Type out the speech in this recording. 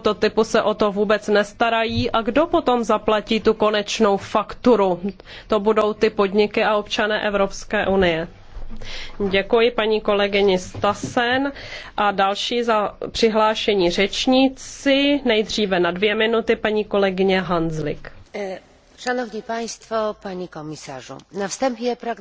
prototypu typu se o to vůbec nestarají a kdo potom zaplatí tu konečnou fakturu? To budou ty podniky a občané Evropské unie. Děkuji paní kolegyni Stasen a další za přihlášení řečníci. Nejdříve na dvě minuty paní kolegyně Hanzlik. Szanowni eh, Państwo, Pani Komisarzu, na wstępie pragnę